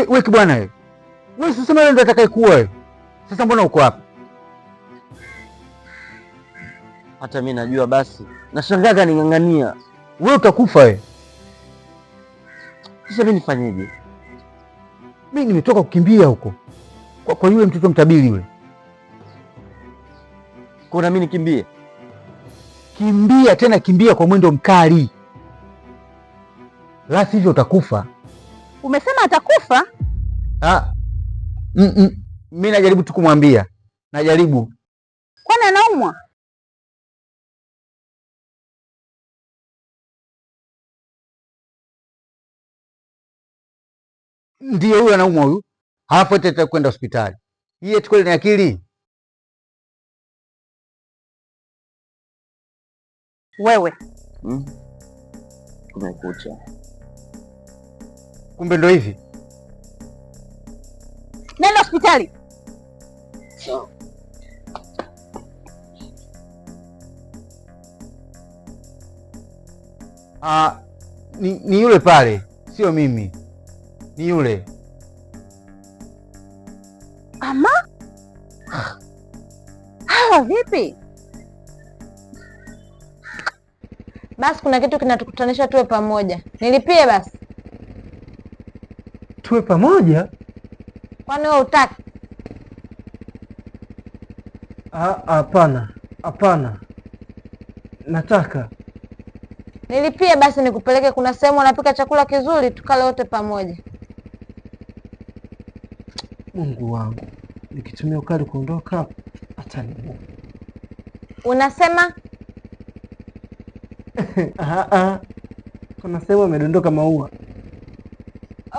We, we kibwana wewe. Wewe usisema wewe ndio atakayekuwa wewe. Sasa mbona uko hapa? Hata mimi najua basi. Nashangaga ning'ang'ania. Wewe utakufa wewe. Sasa mimi nifanyeje? Mimi nimetoka kukimbia huko. Kwa kwa yule mtoto mtabiri yule. Kuna mimi nikimbie. Kimbia tena kimbia kwa mwendo mkali. La sivyo utakufa. Umesema atakufa? Ah. -m mm, -m, mm. mi najaribu tu kumwambia, najaribu. Kwani anaumwa? Ndiyo, huyu anaumwa huyu, halafu eti atakwenda hospitali. Hii eti kweli ni akili? Wewe mm. Kumekucha. Kumbe ndo hivi. Nenda hospitali. So. Ah, ni, ni yule pale, sio mimi. Ni yule. Ama? Hawa vipi? Basi kuna kitu kinatukutanisha tuwe pamoja. Nilipie basi tuwe pamoja. Kwani wewe utaki? Hapana, hapana, nataka nilipie basi nikupeleke. Kuna sehemu wanapika chakula kizuri, tukale wote pamoja. Mungu wangu, nikitumia ukali kuondoka hata ataniua. Unasema kuna sehemu amedondoka maua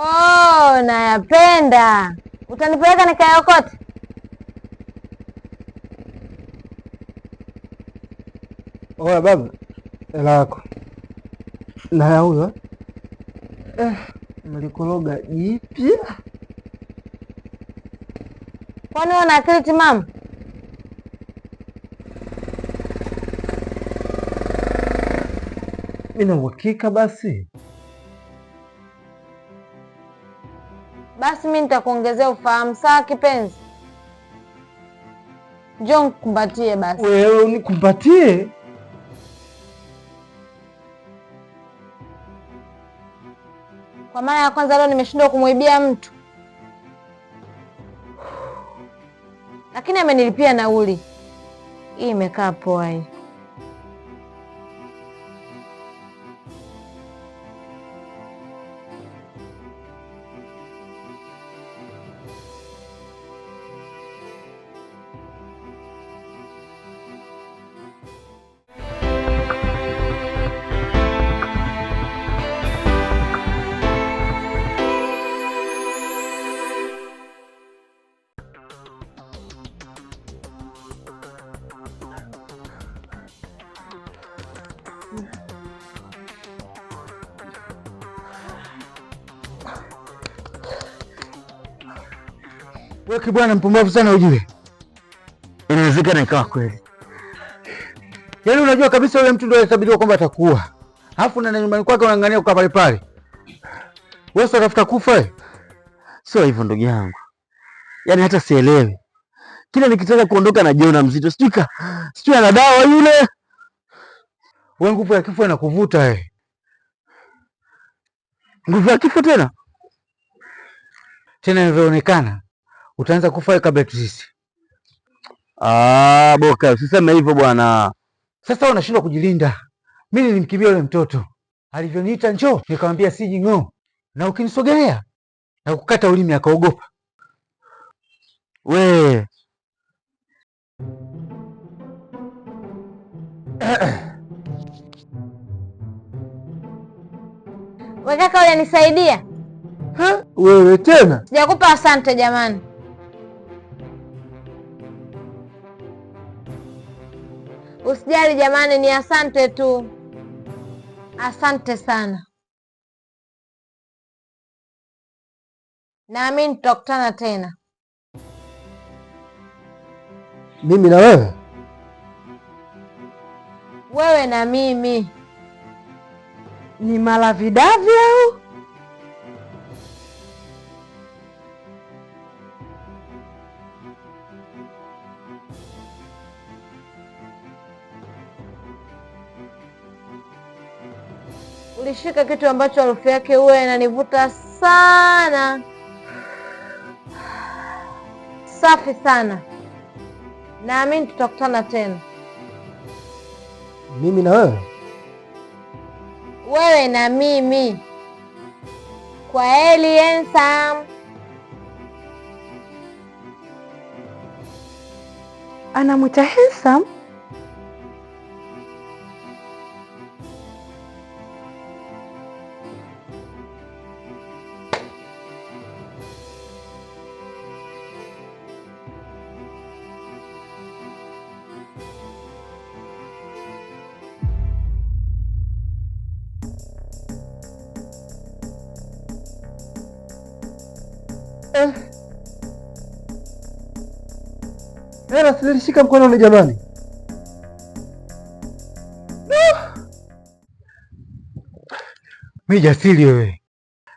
Oh, nayapenda. Utanipeleka nikayaokote? Oya baba, hela yako na ya huyo eh, mlikoroga jipya. Kwani una akili timamu? Mina uhakika basi mimi nitakuongezea ufahamu. Sawa kipenzi, njo nkumbatie Basi wewe nikumbatie Kwa mara ya kwanza leo nimeshindwa kumwibia mtu, lakini amenilipia nauli. Hii imekaa poa hii. Wewe kibwana mpumbavu sana ujue. Inawezekana ikawa kweli. Yaani unajua kabisa yule mtu ndio alisabiriwa kwamba atakuwa. Alafu na nyumbani kwake unaangania kwa pale pale. Wewe sio tafuta kufa eh? Sio hivyo ndugu yangu. Yaani hata sielewi. Kila nikitaka kuondoka najiona mzito. Sijui sijui ana dawa yule. Wewe nguvu ya kifo inakuvuta eh. Nguvu ya kifo tena? Tena inavyoonekana utaanza kufa kabla tu sisi. Ah, Boka, usiseme hivyo bwana. Sasa unashindwa kujilinda. Mimi nilimkimbia yule mtoto alivyoniita njoo, nikamwambia siji ng'o, na ukinisogelea na kukata ulimi akaogopa. We wekaka, unanisaidia wewe tena, sijakupa asante jamani. Usijali jamani, ni asante tu, asante sana. Naamini tutakutana tena, mimi na wewe, wewe na mimi. Ni malavidavi au ulishika kitu ambacho harufu yake huwa inanivuta sana. Safi sana, naamini tutakutana tena, mimi na wewe, wewe na mimi. Kwa heri Ensam. Anamwita Ensam. eh. Hela silishika ni jamani. Mi jasiri wewe,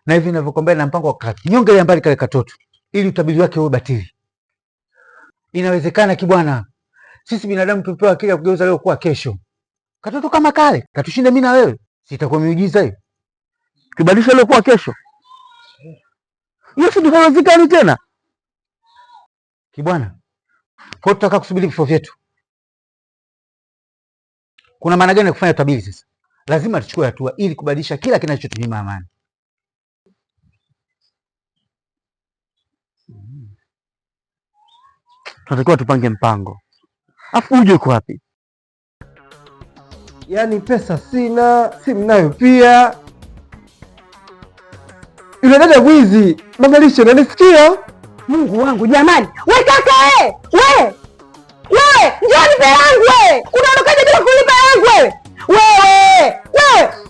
na hivi ninavyokuambia na mpango wa kakinyongelea mbali kale katoto, ili utabiri wake uwe batili. Inawezekana kibwana, sisi binadamu tupewa akili ya kugeuza leo kuwa kesho. Katoto kama kale katushinde mimi na wewe, sitakuwa miujiza hiyo, kibadilisha leo kuwa kesho hiyo si haiwezekani tena kibwana. Kwa tutaka kusubiri vifo vyetu, kuna maana gani ya kufanya tabiri sasa? Lazima tuchukue hatua ili kubadilisha kila kinachotunyima amani. Tunatakiwa tupange mpango. Afu uje uko Yaani pesa sina, simu nayo pia yule dada mwizi Magalisha, unanisikia? Mungu wangu jamani! We kaka, we we we, njoo nipe yangu wewe! Unaondokaje bila kulipa yangu we! we! we!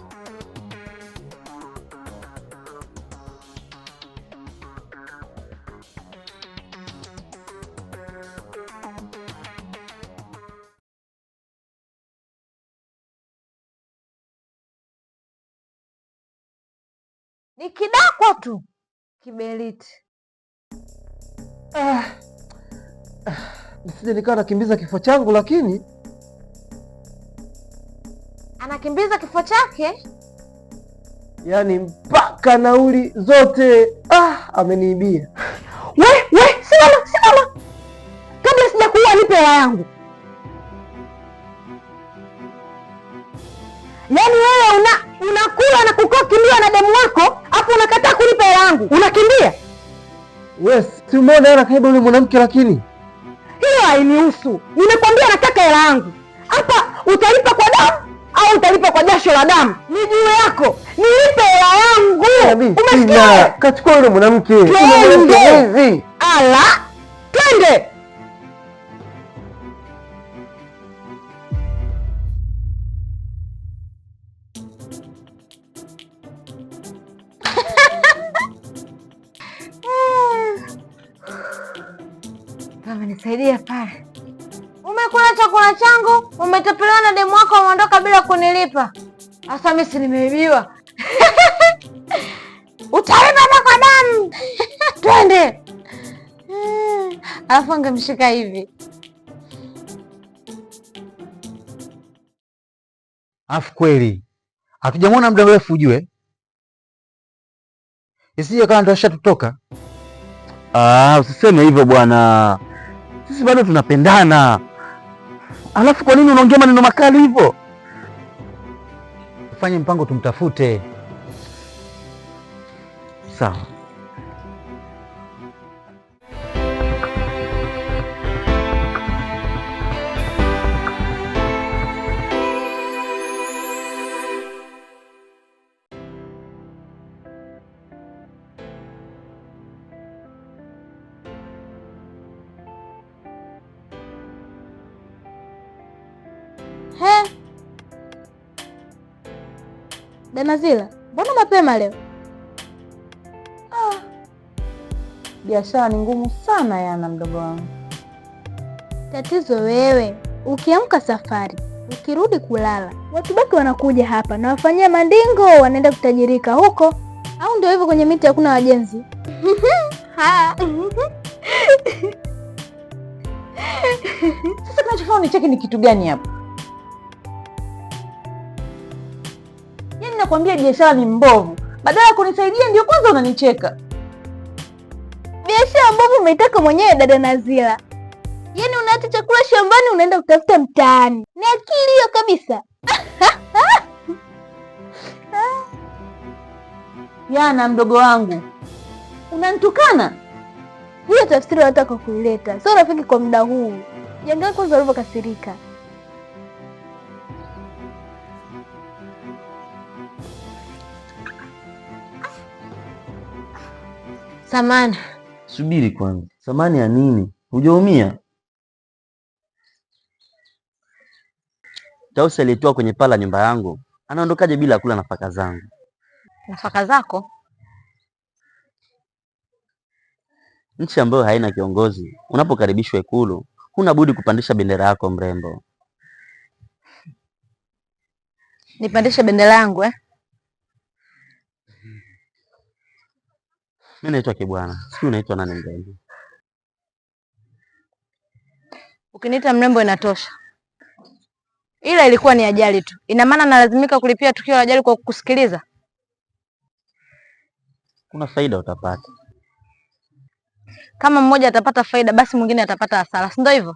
Ni kidako tu kiberiti. Ah, ah, nisije nikawa nakimbiza kifo changu, lakini anakimbiza kifo chake, yaani mpaka nauli zote. Ah, ameniibia. We, we, simama simama, kabla sijakuua nipe hela yangu. Yaani wewe una unakula na kukaa na demu wako unakataa kulipa hela yangu, unakimbia wewe. Si umeona hela kaiba yule mwanamke? Lakini hiyo hainihusu, nimekwambia nataka hela yangu. Hapa utalipa kwa damu au utalipa kwa jasho la damu, ni juu yako. Nilipe hela yangu, umesikia? Kachukua yule mwanamke, twende ala, twende Umenisaidia pale, umekula chakula changu, umetapeliwa na demu wako, umeondoka bila kunilipa. Sasa mimi si nimeibiwa? Utalipa kwa damu twende. Hmm. Alafu angemshika hivi. Afu kweli hatujamwona muda mrefu, ujue isije kawa ndo ashatutoka. Ah, usiseme hivyo bwana sisi bado tunapendana. Alafu kwa nini unaongea maneno makali hivyo? Fanye mpango tumtafute. Sawa. Danazila, mbona mapema leo? Ah, biashara ni ngumu sana yana mdogo wangu. Tatizo wewe, ukiamka safari, ukirudi kulala, watu baki wanakuja hapa na wafanyia mandingo, wanaenda kutajirika huko, au ndio hivyo, kwenye miti hakuna wajenzi Sasa kinachofaa unicheki ni kitu gani hapa? kuambia biashara ni mbovu, badala ya kunisaidia ndio kwanza unanicheka. Biashara mbovu umeitaka mwenyewe, dada Nazila. Yaani unaacha chakula shambani unaenda kutafuta mtaani, ni akili hiyo kabisa? Yana mdogo wangu, unanitukana? Hiyo tafsiri nataka kuileta, sio rafiki kwa muda huu. Jangaa kwanza ulivyokasirika. Samani. Subiri kwanza, samani ya nini? Hujaumia? Tausi aliyetoa kwenye pala nyumba yangu anaondokaje bila kula nafaka zangu? Nafaka zako? Nchi ambayo haina kiongozi, unapokaribishwa Ikulu huna budi kupandisha bendera yako. Mrembo, nipandishe bendera yangu eh? Mimi naitwa Kibwana, sijui unaitwa nani mrembo. Ukiniita mrembo inatosha, ila ilikuwa ni ajali tu. Ina maana nalazimika kulipia tukio la ajali kwa kukusikiliza? Kuna faida utapata. Kama mmoja atapata faida, basi mwingine atapata hasara, si ndio hivyo?